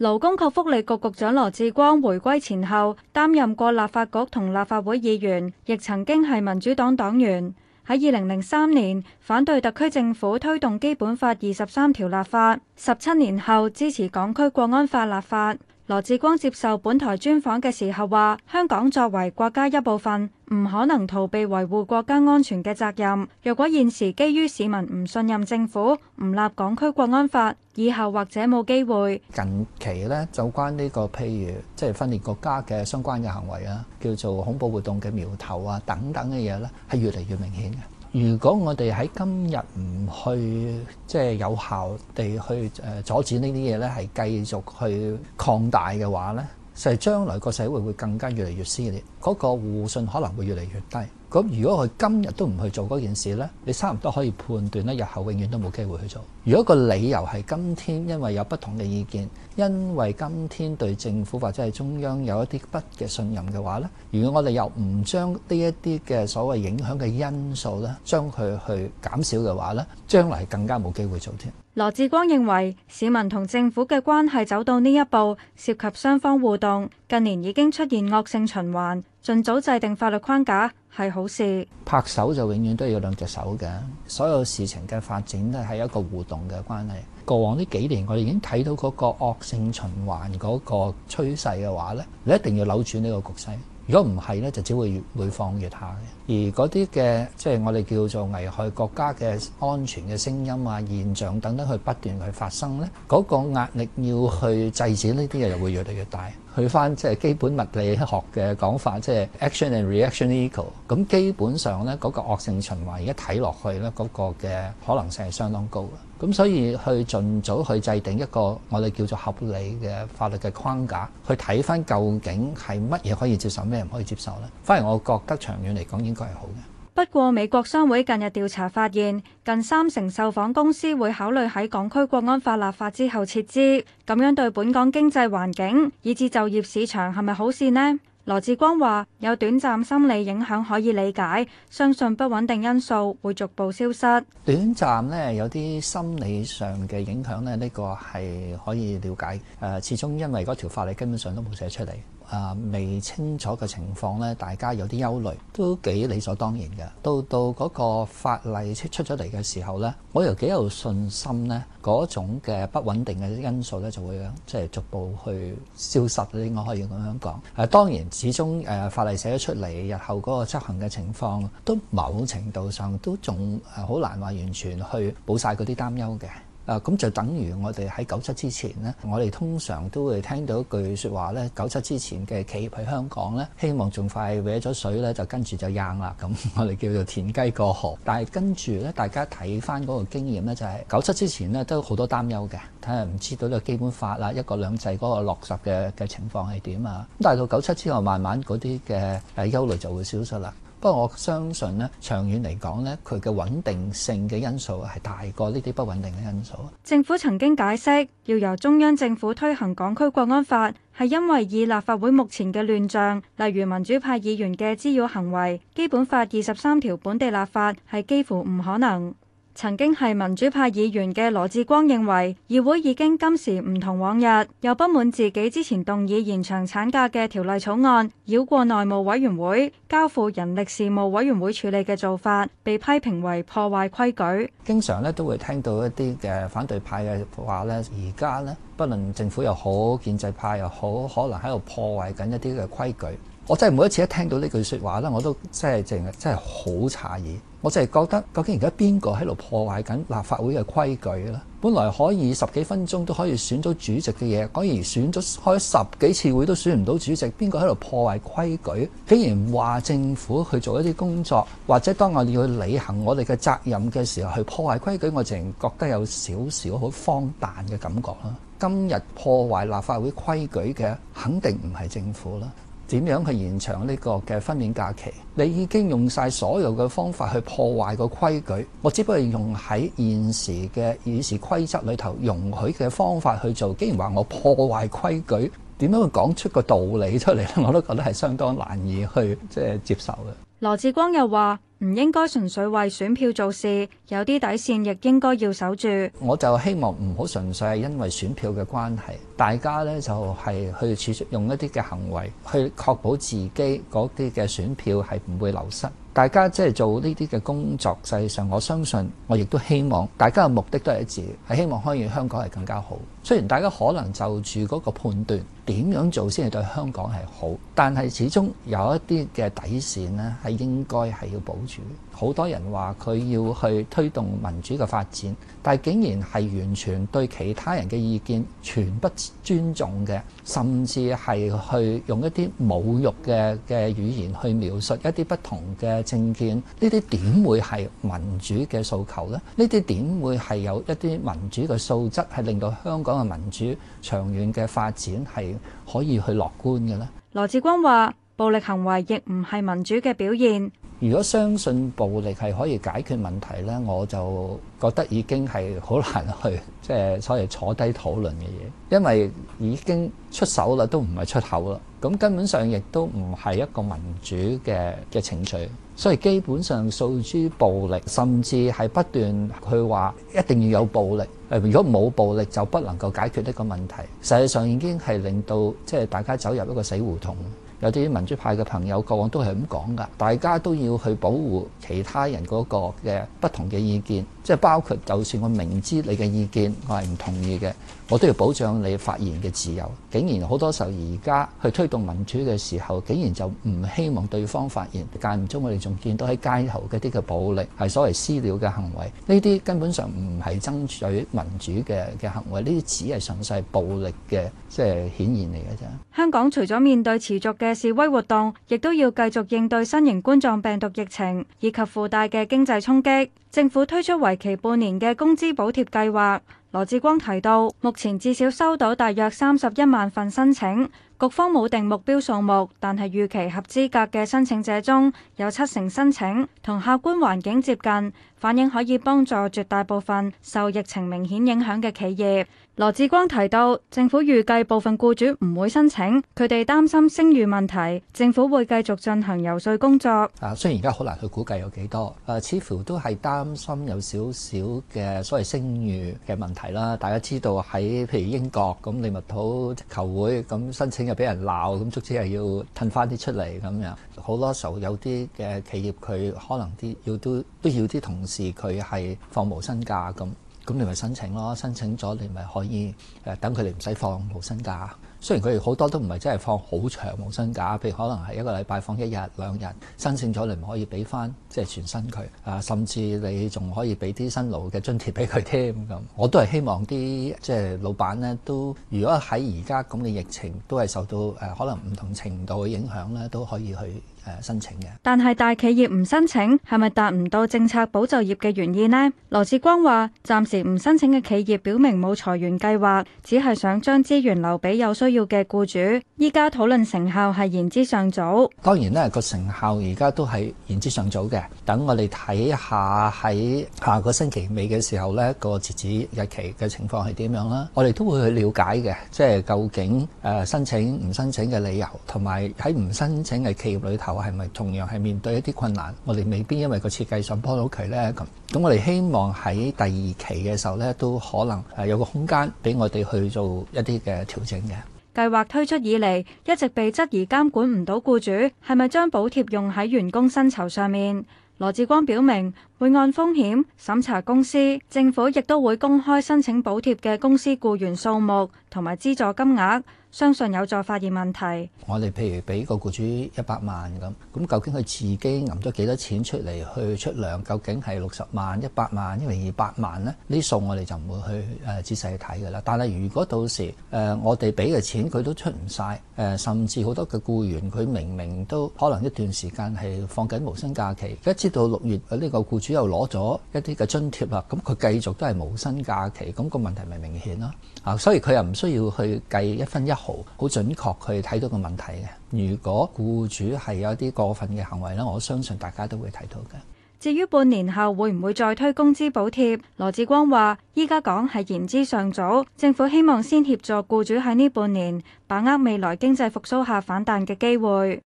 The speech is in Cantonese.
勞工及福利局局長羅致光回歸前後，擔任過立法局同立法會議員，亦曾經係民主黨黨員。喺二零零三年反對特區政府推動《基本法》二十三條立法，十七年後支持港區國安法立法。羅致光接受本台專訪嘅時候話，香港作為國家一部分，唔可能逃避維護國家安全嘅責任。若果現時基於市民唔信任政府，唔立港區國安法，以後或者冇機會。近期咧，就關呢個，譬如即係分裂國家嘅相關嘅行為啊，叫做恐怖活動嘅苗頭啊，等等嘅嘢咧，係越嚟越明顯嘅。如果我哋喺今日唔去，即係有效地去誒阻止呢啲嘢咧，係繼續去擴大嘅話呢，咧？就係將來個社會會更加越嚟越撕裂，嗰個互信可能會越嚟越低。咁如果佢今日都唔去做嗰件事咧，你差唔多可以判斷咧，日後永遠都冇機會去做。如果個理由係今天因為有不同嘅意見，因為今天對政府或者係中央有一啲不嘅信任嘅話咧，如果我哋又唔將呢一啲嘅所謂影響嘅因素咧，將佢去減少嘅話咧，將來更加冇機會做添。羅致光認為，市民同政府嘅關係走到呢一步，涉及雙方互動，近年已經出現惡性循環，盡早制定法律框架係好事。拍手就永遠都要有兩隻手嘅，所有事情嘅發展都係一個互動嘅關係。過往呢幾年，我哋已經睇到嗰個惡性循環嗰個趨勢嘅話咧，你一定要扭轉呢個局勢。如果唔係呢就只會越會放越下嘅。而嗰啲嘅，即係我哋叫做危害國家嘅安全嘅聲音啊、現象等等，去不斷去發生，呢嗰、嗰個壓力要去制止呢啲嘢，就會越嚟越大。去翻即係基本物理學嘅講法，即係 action and reaction equal。咁基本上咧，嗰個惡性循環而家睇落去咧，嗰個嘅可能性係相當高嘅。咁所以去盡早去制定一個我哋叫做合理嘅法律嘅框架，去睇翻究竟係乜嘢可以接受，咩唔可以接受咧？反而我覺得長遠嚟講應該係好嘅。不過，美國商會近日調查發現，近三成受訪公司會考慮喺港區國安法立法之後撤資，咁樣對本港經濟環境以至就業市場係咪好事呢？羅致光話：有短暫心理影響可以理解，相信不穩定因素會逐步消失。短暫呢有啲心理上嘅影響呢，呢、這個係可以了解。誒、呃，始終因為嗰條法例根本上都冇寫出嚟，啊、呃，未清楚嘅情況呢，大家有啲憂慮，都幾理所當然嘅。到到嗰個法例出出嚟嘅時候呢，我又幾有信心呢嗰種嘅不穩定嘅因素呢，就會即係逐步去消失。呢個可以咁樣講。誒、呃，當然。始終誒、呃、法例寫咗出嚟，日後嗰個執行嘅情況，都某程度上都仲好難話完全去補晒嗰啲擔憂嘅。啊，咁就等於我哋喺九七之前呢，我哋通常都會聽到一句説話呢，九七之前嘅企業喺香港呢，希望仲快搲咗水呢就跟住就扔啦。咁、 嗯、我哋叫做田雞過河。但係跟住呢，大家睇翻嗰個經驗呢，就係九七之前呢都好多擔憂嘅，睇下唔知道呢個基本法啊，一國兩制嗰個落實嘅嘅情況係點啊。咁但係到九七之後，慢慢嗰啲嘅誒憂慮就會消失啦。不過我相信呢，長遠嚟講呢，佢嘅穩定性嘅因素係大過呢啲不穩定嘅因素。政府曾經解釋，要由中央政府推行港區國安法，係因為以立法會目前嘅亂象，例如民主派議員嘅滋擾行為，基本法二十三條本地立法係幾乎唔可能。曾經係民主派議員嘅羅致光認為，議會已經今時唔同往日，又不滿自己之前動議延長產假嘅條例草案繞過內務委員會，交付人力事務委員會處理嘅做法，被批評為破壞規矩。經常咧都會聽到一啲嘅反對派嘅話咧，而家咧，不論政府又好，建制派又好，可能喺度破壞緊一啲嘅規矩。我真係每一次一聽到呢句説話咧，我都真係淨係真係好詫異。我真係覺得，究竟而家邊個喺度破壞緊立法會嘅規矩咧？本來可以十幾分鐘都可以選到主席嘅嘢，反而選咗開十幾次會都選唔到主席。邊個喺度破壞規矩？竟然話政府去做一啲工作，或者當我哋要去履行我哋嘅責任嘅時候，去破壞規矩，我淨覺得有少少好荒誕嘅感覺啦。今日破壞立法會規矩嘅，肯定唔係政府啦。點樣去延長呢個嘅分娩假期？你已經用晒所有嘅方法去破壞個規矩，我只不過用喺現時嘅議事規則裏頭容許嘅方法去做。竟然話我破壞規矩。點樣會講出個道理出嚟咧？我都覺得係相當難以去即係接受嘅。羅致光又話：唔應該純粹為選票做事，有啲底線亦應該要守住。我就希望唔好純粹係因為選票嘅關係，大家咧就係、是、去處用一啲嘅行為去確保自己嗰啲嘅選票係唔會流失。大家即係做呢啲嘅工作，實際上我相信，我亦都希望大家嘅目的都係一致，係希望可以香港係更加好。雖然大家可能就住嗰個判斷點樣做先係對香港係好，但係始終有一啲嘅底線咧係應該係要保住。好多人話，佢要去推動民主嘅發展，但係竟然係完全對其他人嘅意見全不尊重嘅，甚至係去用一啲侮辱嘅嘅語言去描述一啲不同嘅政見呢啲點會係民主嘅訴求呢？呢啲點會係有一啲民主嘅素質，係令到香港嘅民主長遠嘅發展係可以去樂觀嘅呢？羅致光話。暴力行為亦唔係民主嘅表現。如果相信暴力係可以解決問題呢，我就覺得已經係好難去即係，就是、所謂坐低討論嘅嘢，因為已經出手啦，都唔係出口啦。咁根本上亦都唔係一個民主嘅嘅程序，所以基本上訴諸暴力，甚至係不斷去話一定要有暴力。誒，如果冇暴力就不能夠解決呢個問題，實際上已經係令到即係、就是、大家走入一個死胡同。有啲民主派嘅朋友，過往都係咁講㗎，大家都要去保護其他人嗰個嘅不同嘅意見。即係包括，就算我明知你嘅意見，我係唔同意嘅，我都要保障你發言嘅自由。竟然好多時候，而家去推動民主嘅時候，竟然就唔希望對方發言。間唔中，我哋仲見到喺街頭嘅啲嘅暴力係所謂私了嘅行為，呢啲根本上唔係爭取民主嘅嘅行為，呢啲只係純粹暴力嘅即係顯現嚟嘅啫。香港除咗面對持續嘅示威活動，亦都要繼續應對新型冠狀病毒疫情以及附帶嘅經濟衝擊。政府推出為期半年嘅工資補貼計劃。羅致光提到，目前至少收到大約三十一萬份申請，局方冇定目標數目，但係預期合資格嘅申請者中有七成申請同客觀環境接近，反映可以幫助絕大部分受疫情明顯影響嘅企業。羅致光提到，政府預計部分雇主唔會申請，佢哋擔心聲譽問題。政府會繼續進行游說工作。啊，雖然而家好難去估計有幾多，啊，似乎都係擔心有少少嘅所謂聲譽嘅問題啦。大家知道喺譬如英國咁利物浦球會咁申請就俾人鬧，咁卒之係要褪翻啲出嚟咁樣。好多時候有啲嘅企業佢可能啲要都都要啲同事佢係放無薪假咁。咁你咪申請咯，申請咗你咪可以誒等佢哋唔使放無薪假。雖然佢哋好多都唔係真係放好長無薪假，譬如可能係一個禮拜放一日兩日。申請咗你唔可以俾翻即係全薪佢啊，甚至你仲可以俾啲新老嘅津貼俾佢添咁。啊、我都係希望啲即係老闆咧，都如果喺而家咁嘅疫情都係受到誒、啊、可能唔同程度嘅影響咧，都可以去申請嘅，但係大企業唔申請係咪達唔到政策保就業嘅原意呢？羅致光話：暫時唔申請嘅企業表明冇裁員計劃，只係想將資源留俾有需要嘅僱主。依家討論成效係言之尚早。當然咧，個成效而家都係言之尚早嘅。等我哋睇下喺下個星期尾嘅時候咧個截止日期嘅情況係點樣啦。我哋都會去了解嘅，即係究竟誒申請唔申請嘅理由，同埋喺唔申請嘅企業裏頭。係咪同樣係面對一啲困難？我哋未必因為個設計上幫到佢呢。咁。咁我哋希望喺第二期嘅時候呢，都可能係有個空間俾我哋去做一啲嘅調整嘅。計劃推出以嚟一直被質疑監管唔到雇主，係咪將補貼用喺員工薪酬上面？羅致光表明會按風險審查公司，政府亦都會公開申請補貼嘅公司僱員數目同埋資助金額。相信有助發現問題。我哋譬如俾個僱主一百萬咁，咁究竟佢自己揞咗幾多錢出嚟去出糧？究竟係六十萬、一百萬，因為二百萬呢？呢啲數我哋就唔會去誒、呃、仔細去睇嘅啦。但係如果到時誒、呃、我哋俾嘅錢佢都出唔晒，誒、呃、甚至好多嘅僱員佢明明都可能一段時間係放緊無薪假期，一知道六月呢個僱主又攞咗一啲嘅津貼啦，咁佢繼續都係無薪假期，咁、那個問題咪明顯咯？啊，所以佢又唔需要去計一分一。好，準確去睇到個問題嘅。如果僱主係有啲過分嘅行為咧，我相信大家都會睇到嘅。至於半年後會唔會再推工資補貼，羅致光話依家講係言之尚早，政府希望先協助僱主喺呢半年把握未來經濟復甦下反彈嘅機會。